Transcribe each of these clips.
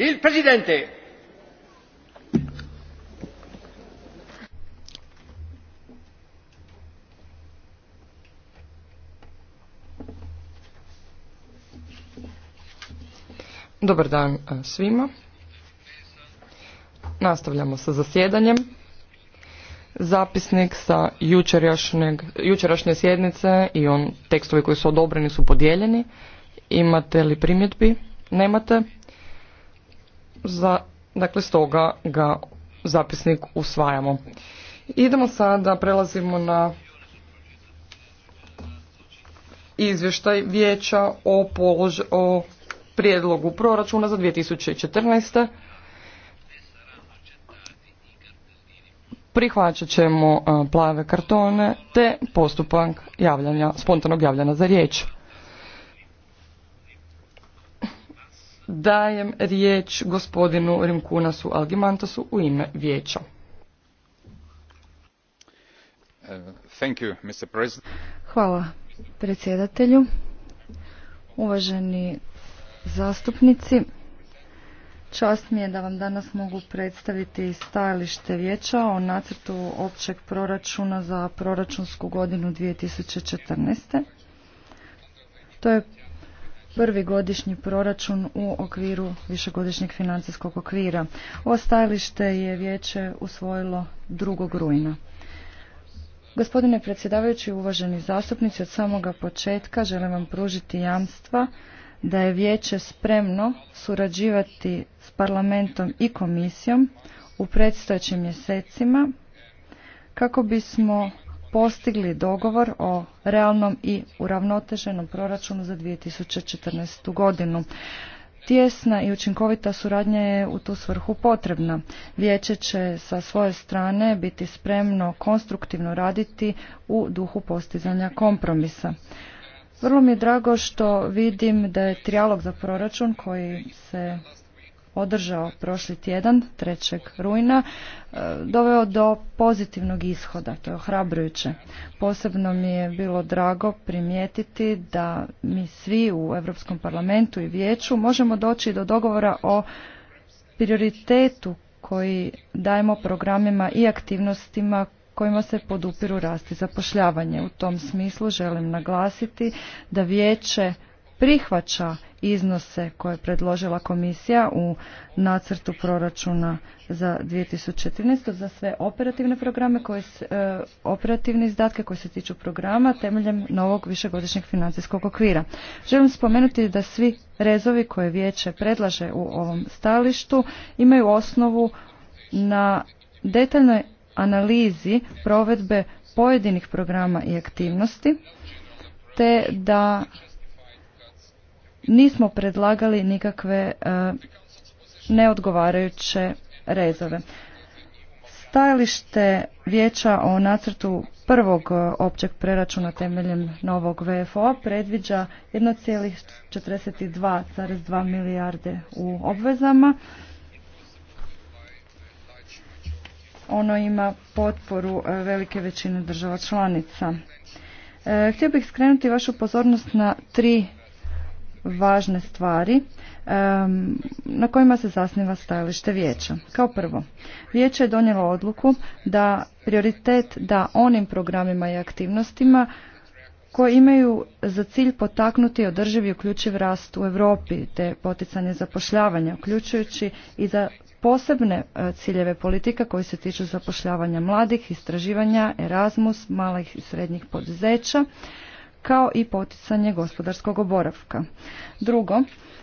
Il Presidente. Dobar dan e, svima. Nastavljamo sa zasjedanjem. Zapisnik sa jučerašnje sjednice i on tekstovi koji su odobreni su podijeljeni. Imate li primjedbi? Nemate. Za, dakle, stoga ga zapisnik usvajamo. Idemo sada, prelazimo na izvještaj vijeća o, o prijedlogu proračuna za 2014. Prihvaćat ćemo plave kartone te postupak javljanja, spontanog javljanja za riječ. Dajem riječ gospodinu Rimkunasu Algimantasu u ime vijeća. Hvala predsjedatelju. Uvaženi zastupnici, čast mi je da vam danas mogu predstaviti stajalište vijeća o nacrtu općeg proračuna za proračunsku godinu 2014. To je prvi godišnji proračun u okviru višegodišnjeg financijskog okvira. Ovo stajalište je vijeće usvojilo 2. rujna. Gospodine predsjedavajući, uvaženi zastupnici, od samoga početka želim vam pružiti jamstva da je vijeće spremno surađivati s parlamentom i komisijom u predstojećim mjesecima kako bismo postigli dogovor o realnom i uravnoteženom proračunu za 2014. godinu. Tijesna i učinkovita suradnja je u tu svrhu potrebna. Vijeće će sa svoje strane biti spremno konstruktivno raditi u duhu postizanja kompromisa. Vrlo mi je drago što vidim da je trijalog za proračun koji se održao prošli tjedan, 3. rujna, e, doveo do pozitivnog ishoda. To je ohrabrujuće. Posebno mi je bilo drago primijetiti da mi svi u Europskom parlamentu i vijeću možemo doći do dogovora o prioritetu koji dajemo programima i aktivnostima kojima se podupiru rasti zapošljavanje. U tom smislu želim naglasiti da vijeće prihvaća iznose koje je predložila komisija u nacrtu proračuna za 2014. za sve operativne programe koje e, operativne izdatke koje se tiču programa temeljem novog višegodišnjeg financijskog okvira. Želim spomenuti da svi rezovi koje vijeće predlaže u ovom stalištu imaju osnovu na detaljnoj analizi provedbe pojedinih programa i aktivnosti te da nismo predlagali nikakve e, neodgovarajuće rezove. Stajalište vijeća o nacrtu prvog e, općeg preračuna temeljem novog VFO predviđa 1,42,2 milijarde u obvezama. Ono ima potporu e, velike većine država članica. Htio bih skrenuti vašu pozornost na tri važne stvari na kojima se zasniva stajalište vijeća. Kao prvo, vijeće je donijelo odluku da prioritet da onim programima i aktivnostima koje imaju za cilj potaknuti održivi i uključiv rast u Europi te poticanje zapošljavanja, uključujući i za posebne e, ciljeve politika koji se tiču zapošljavanja mladih, istraživanja, Erasmus, malih i srednjih poduzeća, kao i poticanje gospodarskog oboravka. Drugo,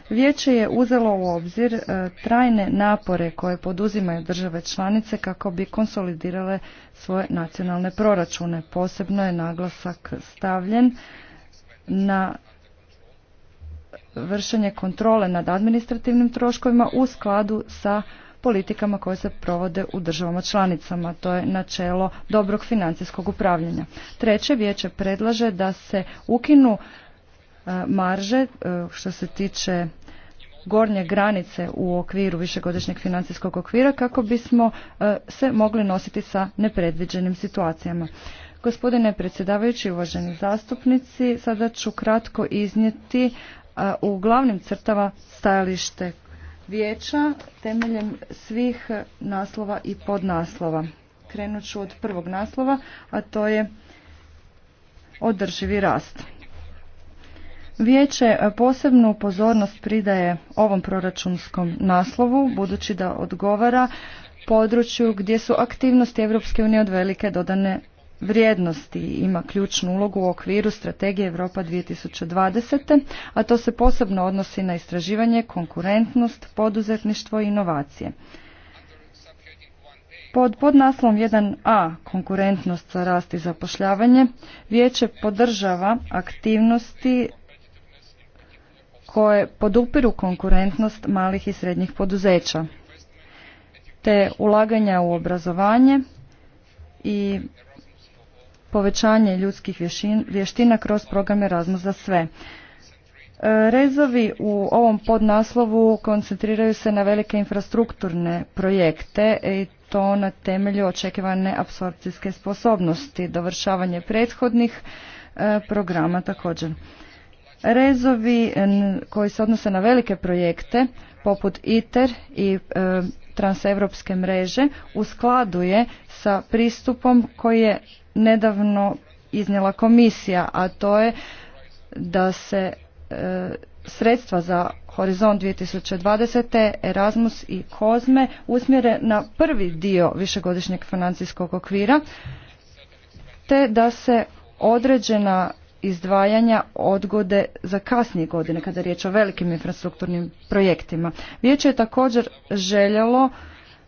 Vijeće je uzelo u obzir e, trajne napore koje poduzimaju države članice kako bi konsolidirale svoje nacionalne proračune. Posebno je naglasak stavljen na vršenje kontrole nad administrativnim troškovima u skladu sa politikama koje se provode u državama članicama. To je načelo dobrog financijskog upravljanja. Treće vijeće predlaže da se ukinu e, marže e, što se tiče gornje granice u okviru višegodišnjeg financijskog okvira kako bismo e, se mogli nositi sa nepredviđenim situacijama. Gospodine predsjedavajući, uvaženi zastupnici, sada ću kratko iznijeti u glavnim crtava stajalište vijeća temeljem svih naslova i podnaslova. Krenut ću od prvog naslova, a to je održivi rast. Vijeće posebnu pozornost pridaje ovom proračunskom naslovu, budući da odgovara području gdje su aktivnosti Europske unije od velike dodane vrijednosti ima ključnu ulogu u okviru strategije Europa 2020. a to se posebno odnosi na istraživanje, konkurentnost, poduzetništvo i inovacije. Pod podnaslom 1a konkurentnost za rast i zapošljavanje vijeće podržava aktivnosti koje podupiru konkurentnost malih i srednjih poduzeća te ulaganja u obrazovanje i povećanje ljudskih vještina kroz programe Erasmus za sve. E, rezovi u ovom podnaslovu koncentriraju se na velike infrastrukturne projekte i to na temelju očekivane apsorpcijske sposobnosti, dovršavanje prethodnih e, programa također. Rezovi koji se odnose na velike projekte poput ITER i e, transeuropske mreže u skladu je sa pristupom koji je nedavno iznijela komisija, a to je da se e, sredstva za Horizont 2020. Erasmus i Kozme usmjere na prvi dio višegodišnjeg financijskog okvira, te da se određena izdvajanja odgode za kasnije godine kada je riječ o velikim infrastrukturnim projektima. Vijeće je također željelo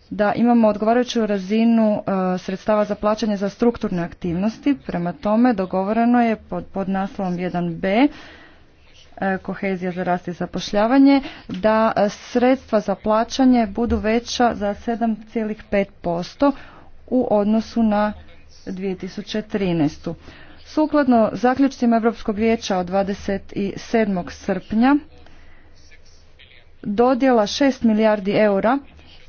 da imamo odgovarajuću razinu e, sredstava za plaćanje za strukturne aktivnosti. Prema tome dogovoreno je pod, naslovom 1b e, kohezija za rast i zapošljavanje da e, sredstva za plaćanje budu veća za 7,5% u odnosu na 2013. Sukladno zaključcima Europskog vijeća od 27. srpnja dodjela 6 milijardi eura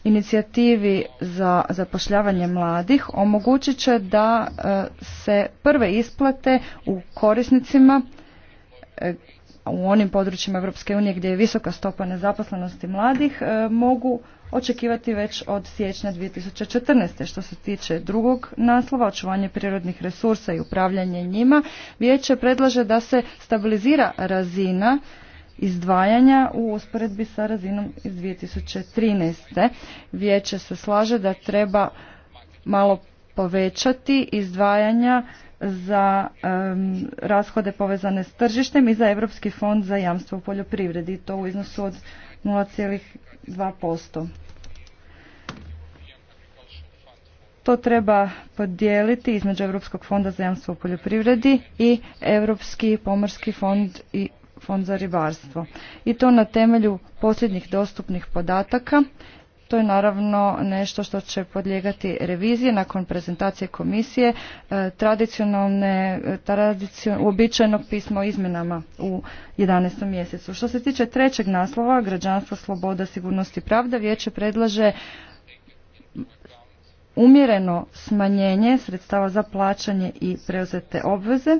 inicijativi za zapošljavanje mladih omogućit će da e, se prve isplate u korisnicima e, u onim područjima Europske unije gdje je visoka stopa nezaposlenosti mladih e, mogu očekivati već od siječnja 2014. Što se tiče drugog naslova, očuvanje prirodnih resursa i upravljanje njima, vijeće predlaže da se stabilizira razina izdvajanja u usporedbi sa razinom iz 2013. Vijeće se slaže da treba malo povećati izdvajanja za rashode povezane s tržištem i za Europski fond za jamstvo u poljoprivredi i to u iznosu od 0,2%. To treba podijeliti između Europskog fonda za jamstvo u poljoprivredi i Europski pomorski fond i Fond za ribarstvo. I to na temelju posljednjih dostupnih podataka. To je naravno nešto što će podlijegati revizije nakon prezentacije komisije, e, tradicionalne, e, tradicionalne uobičajenog pisma o izmenama u 11. mjesecu. Što se tiče trećeg naslova, građanstvo, sloboda, sigurnost i pravda, vijeće predlaže umjereno smanjenje sredstava za plaćanje i preuzete obveze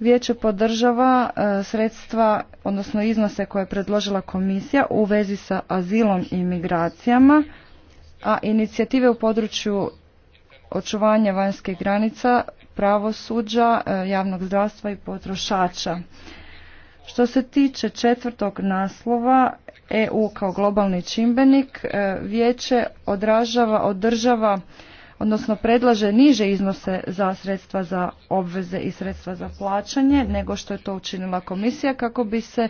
Vijeće podržava e, sredstva, odnosno iznose koje je predložila komisija u vezi sa azilom i migracijama, a inicijative u području očuvanja vanjskih granica, pravosuđa, e, javnog zdravstva i potrošača. Što se tiče četvrtog naslova EU kao globalni čimbenik, e, vijeće odražava, održava odnosno predlaže niže iznose za sredstva za obveze i sredstva za plaćanje nego što je to učinila komisija kako bi se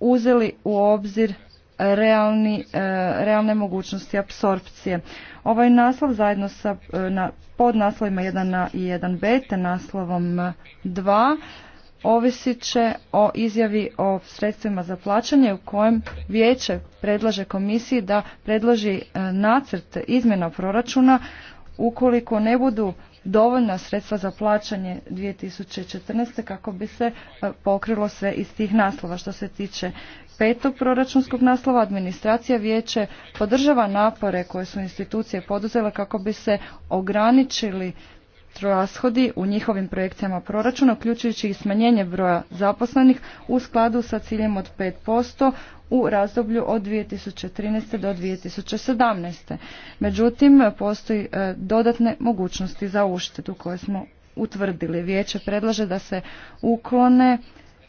uzeli u obzir realni, e, realne mogućnosti apsorpcije. Ovaj naslov zajedno sa e, na, pod 1a i 1b te naslovom 2 ovisit će o izjavi o sredstvima za plaćanje u kojem vijeće predlaže komisiji da predloži e, nacrt izmjena proračuna ukoliko ne budu dovoljna sredstva za plaćanje 2014. kako bi se e, pokrilo sve iz tih naslova. Što se tiče petog proračunskog naslova, administracija vijeće podržava napore koje su institucije poduzele kako bi se ograničili rashodi u njihovim projekcijama proračuna, uključujući i smanjenje broja zaposlenih u skladu sa ciljem od 5% u razdoblju od 2013. do 2017. Međutim, postoji e, dodatne mogućnosti za uštedu koje smo utvrdili. Vijeće predlaže da se uklone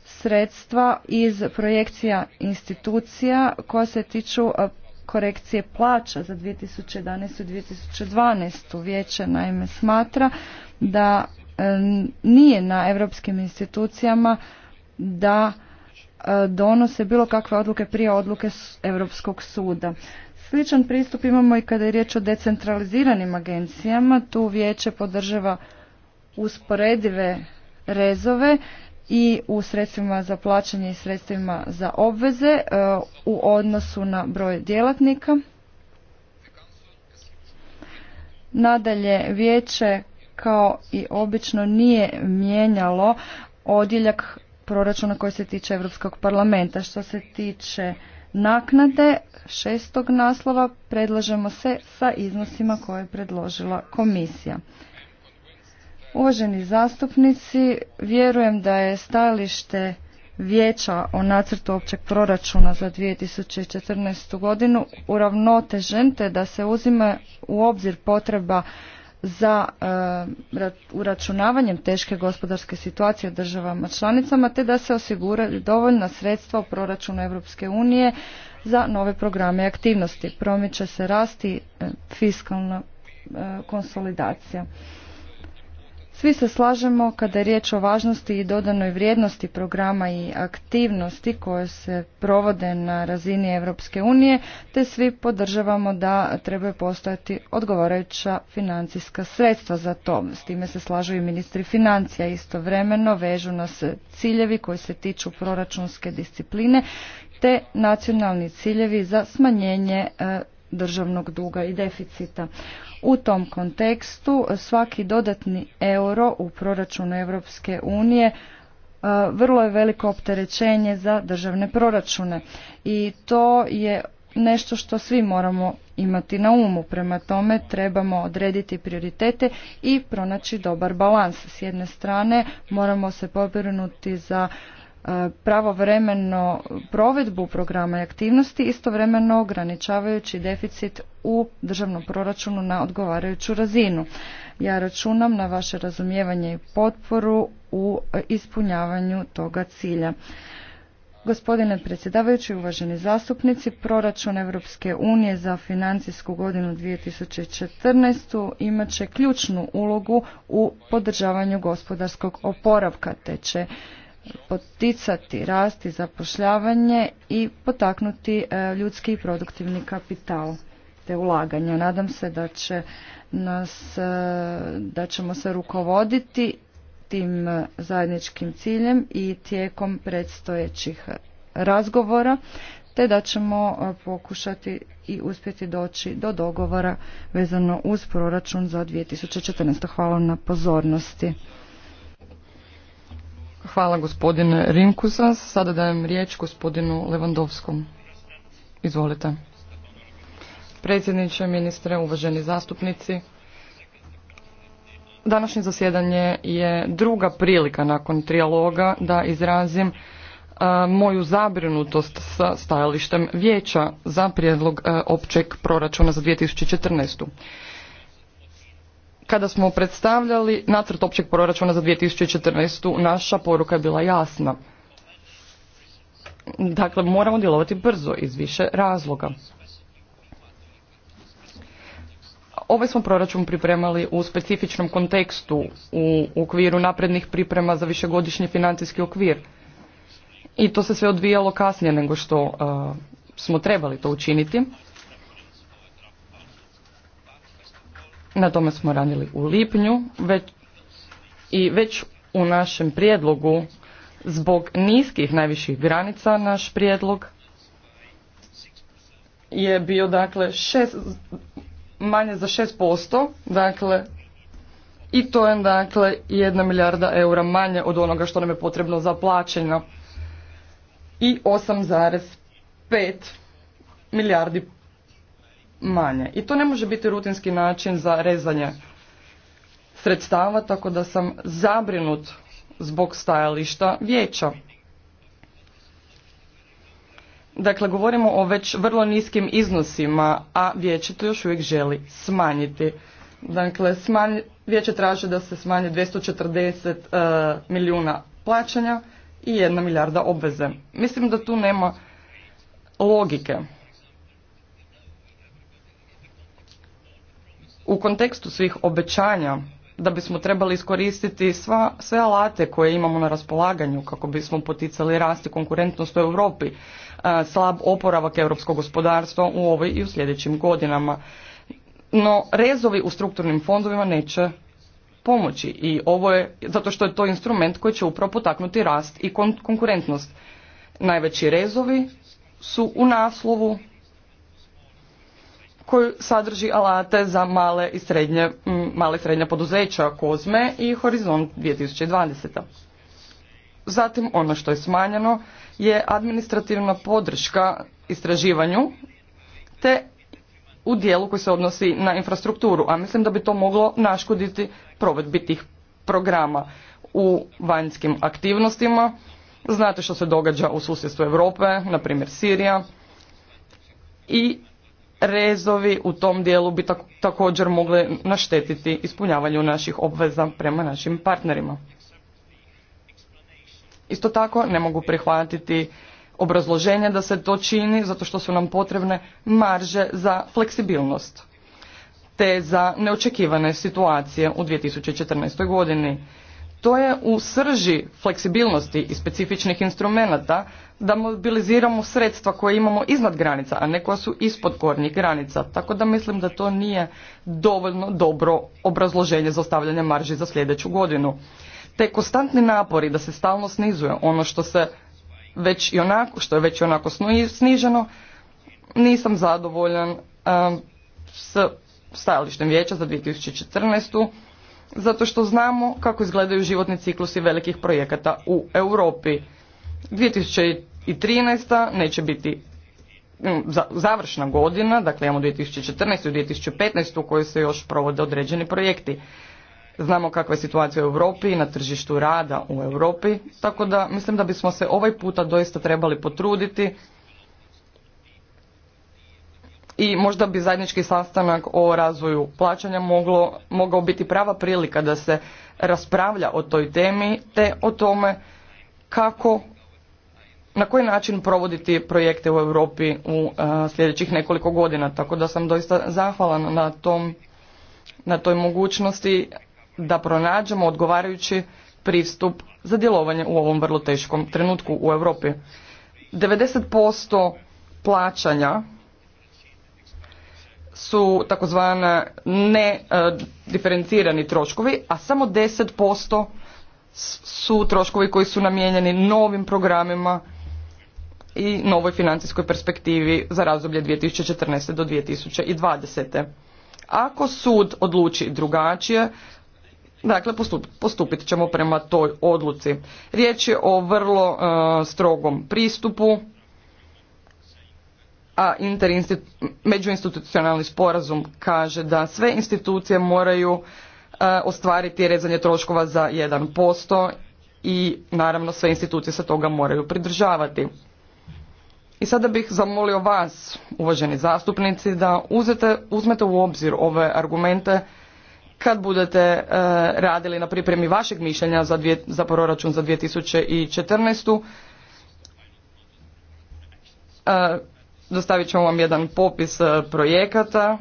sredstva iz projekcija institucija koja se tiču e, korekcije plaća za 2011. i 2012. Vijeće naime smatra da e, nije na europskim institucijama da e, donose bilo kakve odluke prije odluke Europskog suda. Sličan pristup imamo i kada je riječ o decentraliziranim agencijama. Tu vijeće podržava usporedive rezove i u sredstvima za plaćanje i sredstvima za obveze e, u odnosu na broj djelatnika. Nadalje, vijeće kao i obično nije mijenjalo odjeljak proračuna koji se tiče Europskog parlamenta. Što se tiče naknade šestog naslova predlažemo se sa iznosima koje je predložila komisija. Uvaženi zastupnici, vjerujem da je stajalište vijeća o nacrtu općeg proračuna za 2014. godinu uravnotežen te da se uzima u obzir potreba za eh, uračunavanjem teške gospodarske situacije u državama članicama te da se osiguraju dovoljna sredstva u proračunu Europske unije za nove programe i aktivnosti. Promiče se rasti eh, fiskalna eh, konsolidacija. Svi se slažemo kada je riječ o važnosti i dodanoj vrijednosti programa i aktivnosti koje se provode na razini Europske unije, te svi podržavamo da trebaju postojati odgovarajuća financijska sredstva za to. S time se slažu i ministri financija. Istovremeno vežu nas ciljevi koji se tiču proračunske discipline te nacionalni ciljevi za smanjenje e, državnog duga i deficita. U tom kontekstu svaki dodatni euro u proračunu Europske unije e, vrlo je veliko opterećenje za državne proračune i to je nešto što svi moramo imati na umu. Prema tome trebamo odrediti prioritete i pronaći dobar balans. S jedne strane moramo se pobrinuti za E, pravovremeno provedbu programa i aktivnosti, istovremeno ograničavajući deficit u državnom proračunu na odgovarajuću razinu. Ja računam na vaše razumijevanje i potporu u ispunjavanju toga cilja. Gospodine predsjedavajući, uvaženi zastupnici, proračun Europske unije za financijsku godinu 2014. imat će ključnu ulogu u podržavanju gospodarskog oporavka, te će poticati rasti zapošljavanje i potaknuti e, ljudski i produktivni kapital te ulaganja. Nadam se da će nas, e, da ćemo se rukovoditi tim e, zajedničkim ciljem i tijekom predstojećih razgovora, te da ćemo pokušati i uspjeti doći do dogovora vezano uz proračun za 2014. Hvala na pozornosti. Hvala gospodine Rinkusa. Sada dajem riječ gospodinu Levandovskom. Izvolite. Predsjedniče, ministre, uvaženi zastupnici. Današnje zasjedanje je druga prilika nakon trijaloga da izrazim e, moju zabrinutost sa stajalištem vijeća za prijedlog e, općeg proračuna za 2014. Kada smo predstavljali nacrt općeg proračuna za 2014. naša poruka je bila jasna. Dakle, moramo djelovati brzo iz više razloga. Ovaj smo proračun pripremali u specifičnom kontekstu u okviru naprednih priprema za višegodišnji financijski okvir. I to se sve odvijalo kasnije nego što uh, smo trebali to učiniti. na tome smo radili u lipnju već, i već u našem prijedlogu zbog niskih najviših granica naš prijedlog je bio dakle šest, manje za 6%, dakle i to je dakle jedna milijarda eura manje od onoga što nam je potrebno za plaćanja i 8,5 milijardi manje. I to ne može biti rutinski način za rezanje sredstava, tako da sam zabrinut zbog stajališta vijeća. Dakle, govorimo o već vrlo niskim iznosima, a vijeće to još uvijek želi smanjiti. Dakle, smanj, vijeće traže da se smanje 240 uh, e, milijuna plaćanja i jedna milijarda obveze. Mislim da tu nema logike. U kontekstu svih obećanja da bismo trebali iskoristiti sva, sve alate koje imamo na raspolaganju kako bismo poticali rast i konkurentnost u Europi, e, slab oporavak europskog gospodarstva u ovoj i u sljedećim godinama. No, rezovi u strukturnim fondovima neće pomoći i ovo je zato što je to instrument koji će upravo potaknuti rast i konkurentnost. Najveći rezovi su u naslovu koji sadrži alate za male i srednje, male srednja poduzeća Kozme i Horizont 2020. Zatim ono što je smanjeno je administrativna podrška istraživanju te u dijelu koji se odnosi na infrastrukturu, a mislim da bi to moglo naškoditi provedbi tih programa u vanjskim aktivnostima. Znate što se događa u susjedstvu Europe, na primjer Sirija i rezovi u tom dijelu bi također mogli naštetiti ispunjavanju naših obveza prema našim partnerima. Isto tako ne mogu prihvatiti obrazloženje da se to čini zato što su nam potrebne marže za fleksibilnost te za neočekivane situacije u 2014. godini to je u srži fleksibilnosti i specifičnih instrumenata da mobiliziramo sredstva koje imamo iznad granica, a ne koja su ispod gornjih granica. Tako da mislim da to nije dovoljno dobro obrazloženje za ostavljanje marži za sljedeću godinu. Te konstantni napori da se stalno snizuje ono što se već i onako, što je već i onako sniženo, nisam zadovoljan sa um, s stajalištem vijeća za 2014 zato što znamo kako izgledaju životni ciklusi velikih projekata u Europi. 2013. neće biti mm, završna godina, dakle imamo 2014. i 2015. u kojoj se još provode određeni projekti. Znamo kakva je situacija u Europi i na tržištu rada u Europi, tako da mislim da bismo se ovaj puta doista trebali potruditi i možda bi zajednički sastanak o razvoju plaćanja moglo, mogao biti prava prilika da se raspravlja o toj temi te o tome kako na koji način provoditi projekte u Europi u e, sljedećih nekoliko godina. Tako da sam doista zahvalan na, tom, na toj mogućnosti da pronađemo odgovarajući pristup za djelovanje u ovom vrlo teškom trenutku u Europi. 90% plaćanja su takozvani e, diferencirani troškovi, a samo 10% su troškovi koji su namijenjeni novim programima i novoj financijskoj perspektivi za razdoblje 2014. do 2020. Ako sud odluči drugačije, dakle postupit ćemo prema toj odluci. Riječ je o vrlo e, strogom pristupu a međuinstitucionalni sporazum kaže da sve institucije moraju e, ostvariti rezanje troškova za 1% i naravno sve institucije se toga moraju pridržavati. I sada bih zamolio vas, uvaženi zastupnici, da uzete, uzmete u obzir ove argumente kad budete e, radili na pripremi vašeg mišljenja za, dvije, za proračun za 2014. E, dostavit ćemo vam jedan popis e, projekata,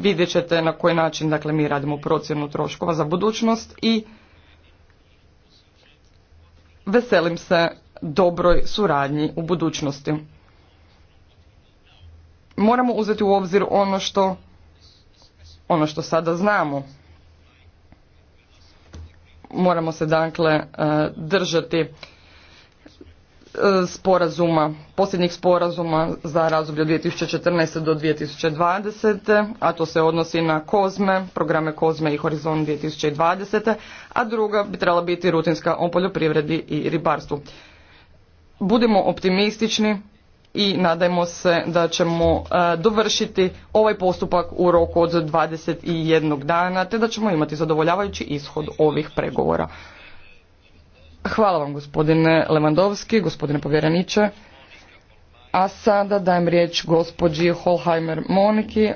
vidjet ćete na koji način dakle, mi radimo procjenu troškova za budućnost i veselim se dobroj suradnji u budućnosti. Moramo uzeti u obzir ono što, ono što sada znamo. Moramo se dakle e, držati E, sporazuma, posljednjih sporazuma za razdoblje 2014. do 2020. a to se odnosi na Kozme, programe Kozme i Horizon 2020. a druga bi trebala biti rutinska o poljoprivredi i ribarstvu. Budimo optimistični i nadajmo se da ćemo e, dovršiti ovaj postupak u roku od 21 dana te da ćemo imati zadovoljavajući ishod ovih pregovora. Hvala vam gospodine Levandovski, gospodine povjereniče. A sada dajem riječ gospođi Holheimer Moniki,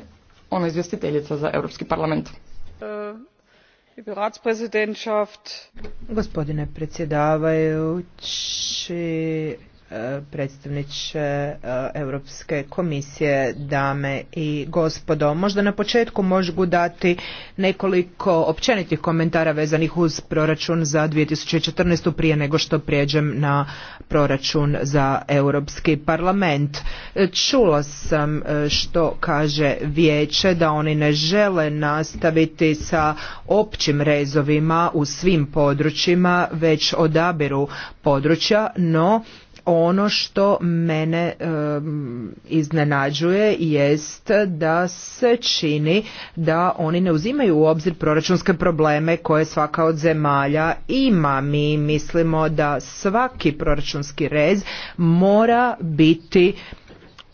ona izvjestiteljica za Europski parlament. Gospodine predsjedavajući, E, predstavniče e, Europske komisije, dame i gospodo. Možda na početku možu dati nekoliko općenitih komentara vezanih uz proračun za 2014. prije nego što prijeđem na proračun za Europski parlament. Čula sam e, što kaže vijeće da oni ne žele nastaviti sa općim rezovima u svim područjima, već odabiru područja, no ono što mene iznenađuje jest da se čini da oni ne uzimaju u obzir proračunske probleme koje svaka od zemalja ima. Mi mislimo da svaki proračunski rez mora biti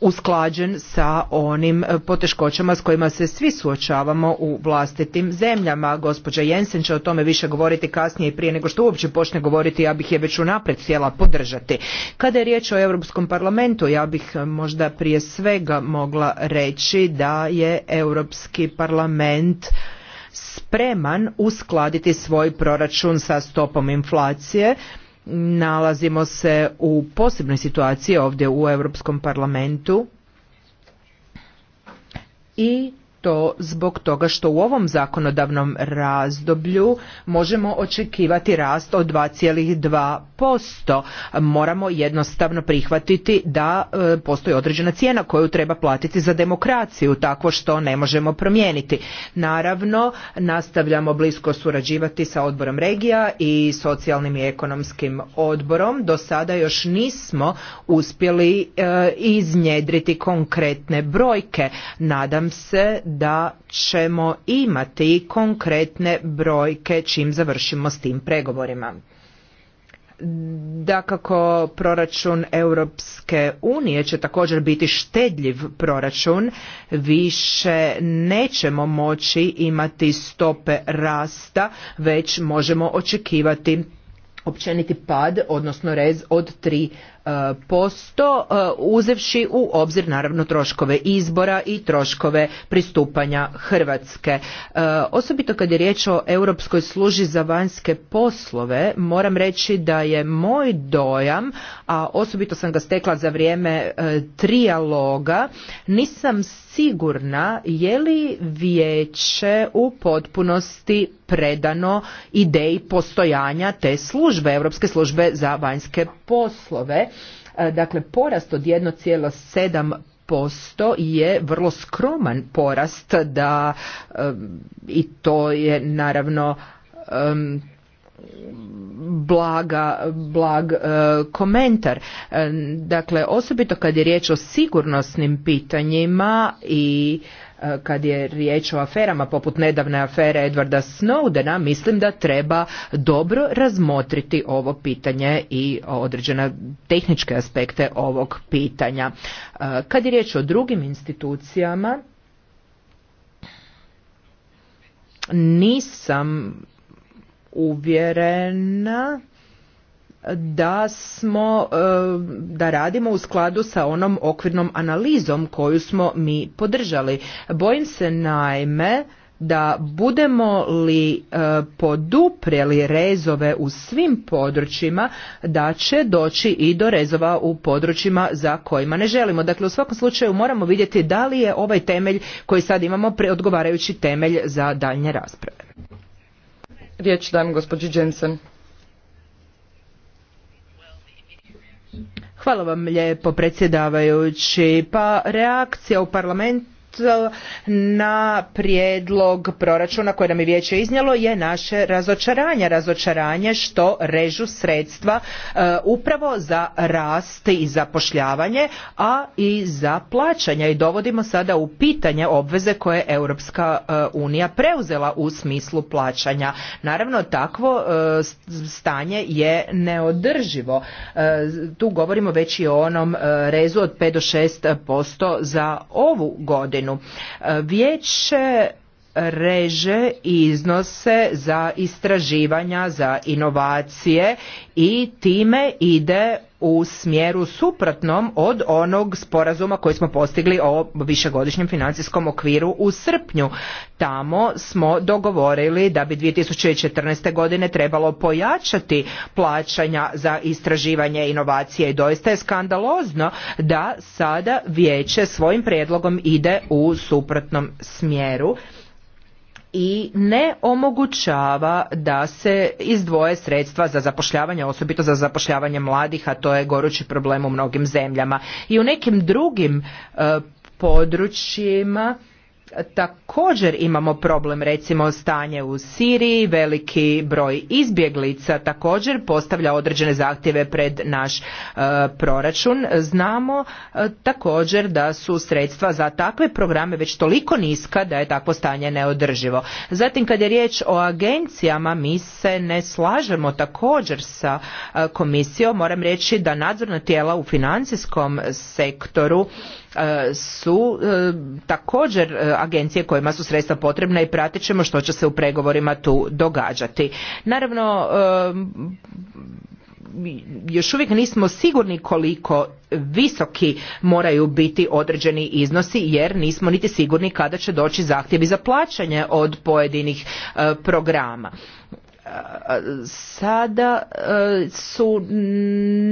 usklađen sa onim e, poteškoćama s kojima se svi suočavamo u vlastitim zemljama. Gospođa Jensen će o tome više govoriti kasnije i prije nego što uopće počne govoriti, ja bih je već unaprijed htjela podržati. Kada je riječ o Europskom parlamentu, ja bih e, možda prije svega mogla reći da je Europski parlament spreman uskladiti svoj proračun sa stopom inflacije Nalazimo se u posebnoj situaciji ovdje u Europskom parlamentu i to zbog toga što u ovom zakonodavnom razdoblju možemo očekivati rast od 2,2%. Moramo jednostavno prihvatiti da e, postoji određena cijena koju treba platiti za demokraciju, tako što ne možemo promijeniti. Naravno, nastavljamo blisko surađivati sa odborom regija i socijalnim i ekonomskim odborom. Do sada još nismo uspjeli e, iznjedriti konkretne brojke. Nadam se da ćemo imati konkretne brojke čim završimo s tim pregovorima. kako proračun Europske unije će također biti štedljiv proračun. Više nećemo moći imati stope rasta, već možemo očekivati općeniti pad, odnosno rez od posto e, uzevši u obzir naravno troškove izbora i troškove pristupanja Hrvatske. E, osobito kad je riječ o Europskoj služi za vanjske poslove moram reći da je moj dojam, a osobito sam ga stekla za vrijeme e, trijaloga, nisam sigurna je li vijeće u potpunosti predano ideji postojanja te službe, Europske službe za vanjske poslove. E, dakle, porast od 1,7% posto je vrlo skroman porast da e, i to je naravno blaga, blag e, komentar. E, dakle, osobito kad je riječ o sigurnosnim pitanjima i e, kad je riječ o aferama poput nedavne afere Edwarda Snowdena, mislim da treba dobro razmotriti ovo pitanje i određene tehničke aspekte ovog pitanja. Kad je riječ o drugim institucijama, nisam uvjerena da smo e, da radimo u skladu sa onom okvirnom analizom koju smo mi podržali bojim se naime da budemo li e, podupreli rezove u svim područjima da će doći i do rezova u područjima za kojima ne želimo dakle u svakom slučaju moramo vidjeti da li je ovaj temelj koji sad imamo preodgovarajući temelj za daljnje rasprave Riječ dajem gospođi Jensen. Hvala vam lijepo predsjedavajući. Pa reakcija u parlamentu na prijedlog proračuna koje nam je vijeće iznijelo je naše razočaranje. Razočaranje što režu sredstva e, upravo za rast i zapošljavanje, a i za plaćanje. i dovodimo sada u pitanje obveze koje je Europska e, unija preuzela u smislu plaćanja. Naravno takvo e, stanje je neodrživo. tu govorimo već i o onom rezu od 5 do 6% za ovu godinu godinu. E, vijeće reže iznose za istraživanja, za inovacije i time ide u smjeru suprotnom od onog sporazuma koji smo postigli o višegodišnjem financijskom okviru u srpnju. Tamo smo dogovorili da bi 2014. godine trebalo pojačati plaćanja za istraživanje inovacije i doista je skandalozno da sada vijeće svojim prijedlogom ide u suprotnom smjeru i ne omogućava da se izdvoje sredstva za zapošljavanje, osobito za zapošljavanje mladih, a to je gorući problem u mnogim zemljama. I u nekim drugim e, područjima Također imamo problem recimo stanje u Siriji, veliki broj izbjeglica također postavlja određene zahtjeve pred naš e, proračun. Znamo e, također da su sredstva za takve programe već toliko niska da je takvo stanje neodrživo. Zatim kad je riječ o agencijama mi se ne slažemo također sa e, komisijom. Moram reći da nadzorna tijela u financijskom sektoru su također agencije kojima su sredstva potrebna i pratit ćemo što će se u pregovorima tu događati. Naravno, još uvijek nismo sigurni koliko visoki moraju biti određeni iznosi jer nismo niti sigurni kada će doći zahtjevi za plaćanje od pojedinih e, programa sada e, su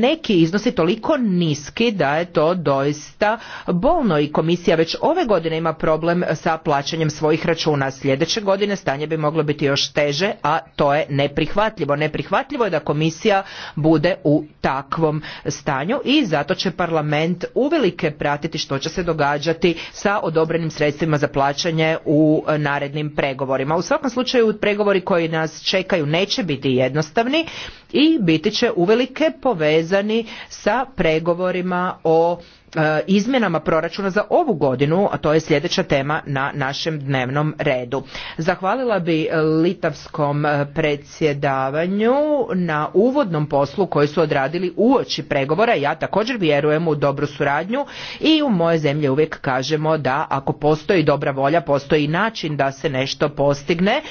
neki iznosi toliko niski da je to doista bolno i komisija već ove godine ima problem sa plaćanjem svojih računa. Sljedeće godine stanje bi moglo biti još teže, a to je neprihvatljivo. Neprihvatljivo je da komisija bude u takvom stanju i zato će parlament uvelike pratiti što će se događati sa odobrenim sredstvima za plaćanje u narednim pregovorima. U svakom slučaju pregovori koji nas čekaju neće biti jednostavni i biti će uvelike povezani sa pregovorima o e, izmjenama proračuna za ovu godinu, a to je sljedeća tema na našem dnevnom redu. Zahvalila bi litavskom e, predsjedavanju na uvodnom poslu koji su odradili uoči pregovora. Ja također vjerujem u dobru suradnju i u moje zemlje uvijek kažemo da ako postoji dobra volja, postoji način da se nešto postigne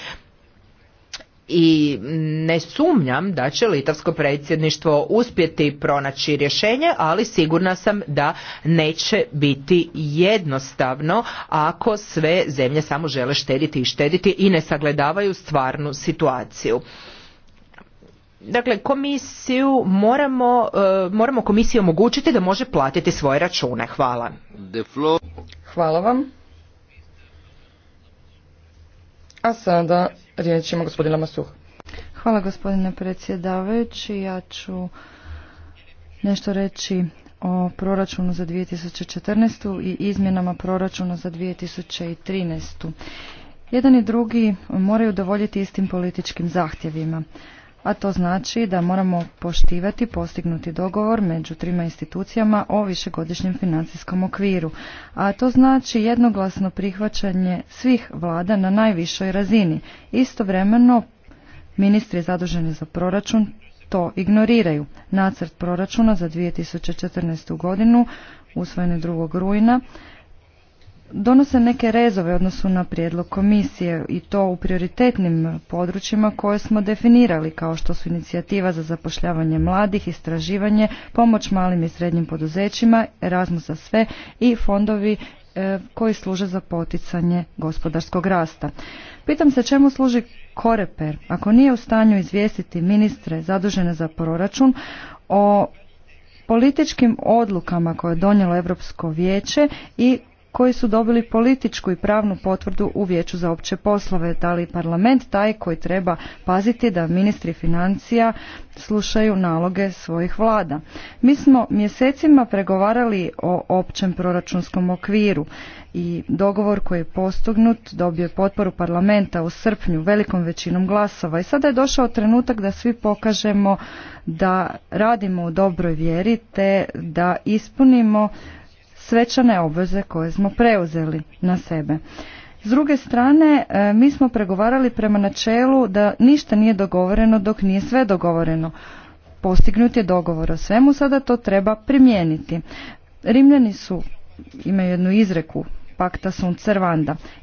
i ne sumnjam da će litavsko predsjedništvo uspjeti pronaći rješenje, ali sigurna sam da neće biti jednostavno ako sve zemlje samo žele štediti i štediti i ne sagledavaju stvarnu situaciju. Dakle, komisiju moramo, e, moramo komisiji omogućiti da može platiti svoje račune. Hvala. Hvala vam. A sada Riječ ima gospodina Hvala gospodine predsjedavajući. Ja ću nešto reći o proračunu za 2014. i izmjenama proračuna za 2013. Jedan i drugi moraju dovoljiti istim političkim zahtjevima a to znači da moramo poštivati postignuti dogovor među trima institucijama o višegodišnjem financijskom okviru, a to znači jednoglasno prihvaćanje svih vlada na najvišoj razini. Istovremeno, ministri zaduženi za proračun to ignoriraju. Nacrt proračuna za 2014. godinu usvojen 2. rujna donose neke rezove odnosu na prijedlog komisije i to u prioritetnim područjima koje smo definirali kao što su inicijativa za zapošljavanje mladih, istraživanje, pomoć malim i srednjim poduzećima, Erasmus za sve i fondovi e, koji služe za poticanje gospodarskog rasta. Pitam se čemu služi Koreper ako nije u stanju izvijestiti ministre zadužene za proračun o političkim odlukama koje je donijelo Europsko vijeće i koji su dobili političku i pravnu potvrdu u Vijeću za opće poslove. Da li parlament taj koji treba paziti da ministri financija slušaju naloge svojih vlada? Mi smo mjesecima pregovarali o općem proračunskom okviru i dogovor koji je postignut dobio je potporu parlamenta u srpnju velikom većinom glasova i sada je došao trenutak da svi pokažemo da radimo u dobroj vjeri te da ispunimo svečane obveze koje smo preuzeli na sebe. S druge strane, e, mi smo pregovarali prema načelu da ništa nije dogovoreno dok nije sve dogovoreno. Postignut je dogovor o svemu, sada to treba primijeniti. Rimljani su, imaju jednu izreku, pakta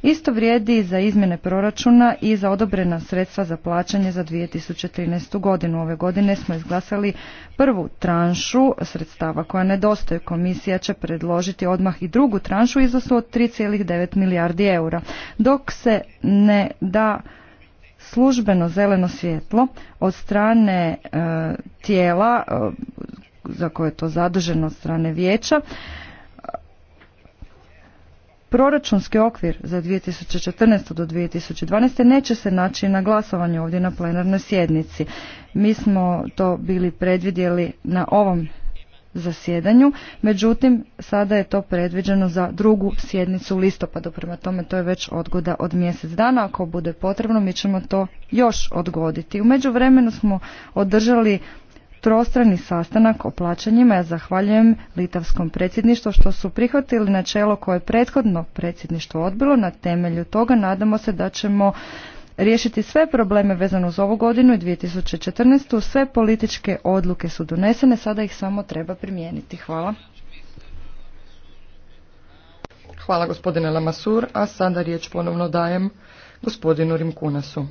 Isto vrijedi i za izmjene proračuna i za odobrena sredstva za plaćanje za 2013. godinu. Ove godine smo izglasali prvu tranšu sredstava koja nedostaje. Komisija će predložiti odmah i drugu tranšu iznosu od 3,9 milijardi eura. Dok se ne da službeno zeleno svjetlo od strane e, tijela e, za koje je to zaduženo od strane vijeća Proračunski okvir za 2014. do 2012. neće se naći na glasovanju ovdje na plenarnoj sjednici. Mi smo to bili predvidjeli na ovom zasjedanju, međutim sada je to predviđeno za drugu sjednicu u listopadu, prema tome to je već odgoda od mjesec dana, ako bude potrebno mi ćemo to još odgoditi. U međuvremenu smo održali trostrani sastanak o plaćanjima. Ja zahvaljujem Litavskom predsjedništvu što su prihvatili načelo koje je prethodno predsjedništvo odbilo. Na temelju toga nadamo se da ćemo riješiti sve probleme vezano uz ovu godinu i 2014. Sve političke odluke su donesene, sada ih samo treba primijeniti. Hvala. Hvala gospodine Lamasur, a sada riječ ponovno dajem gospodinu Rimkunasu.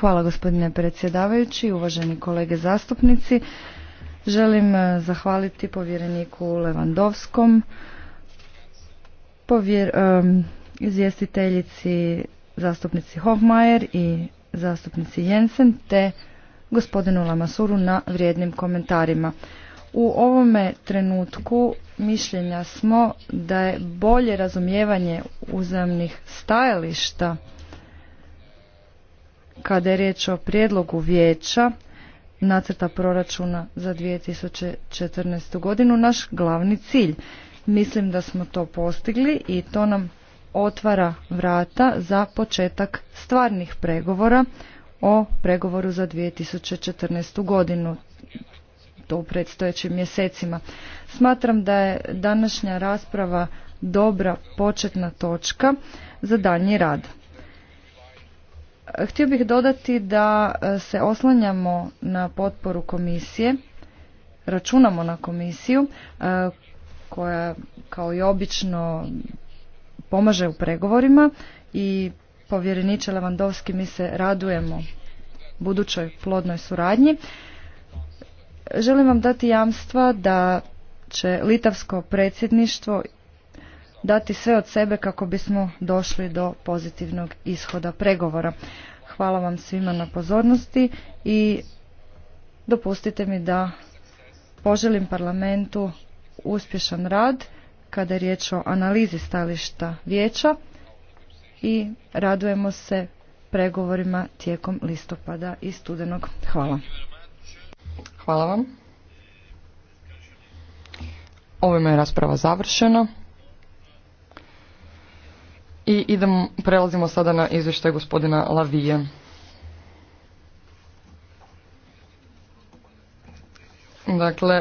Hvala gospodine predsjedavajući, uvaženi kolege zastupnici. Želim eh, zahvaliti povjereniku Levandovskom, izvjestiteljici zastupnici Hofmajer i zastupnici Jensen te gospodinu Lamasuru na vrijednim komentarima. U ovome trenutku mišljenja smo da je bolje razumijevanje uzajamnih stajališta kada je riječ o prijedlogu vijeća nacrta proračuna za 2014. godinu naš glavni cilj. Mislim da smo to postigli i to nam otvara vrata za početak stvarnih pregovora o pregovoru za 2014. godinu to u predstojećim mjesecima. Smatram da je današnja rasprava dobra početna točka za daljnji rad. Htio bih dodati da e, se oslanjamo na potporu komisije, računamo na komisiju e, koja kao i obično pomaže u pregovorima i povjereniče Levandovski mi se radujemo budućoj plodnoj suradnji. Želim vam dati jamstva da će litavsko predsjedništvo dati sve od sebe kako bismo došli do pozitivnog ishoda pregovora. Hvala vam svima na pozornosti i dopustite mi da poželim parlamentu uspješan rad kada je riječ o analizi stališta vijeća i radujemo se pregovorima tijekom listopada i studenog. Hvala. Hvala vam. Ovime je rasprava završena. I idem, prelazimo sada na izvještaj gospodina Lavije. Dakle,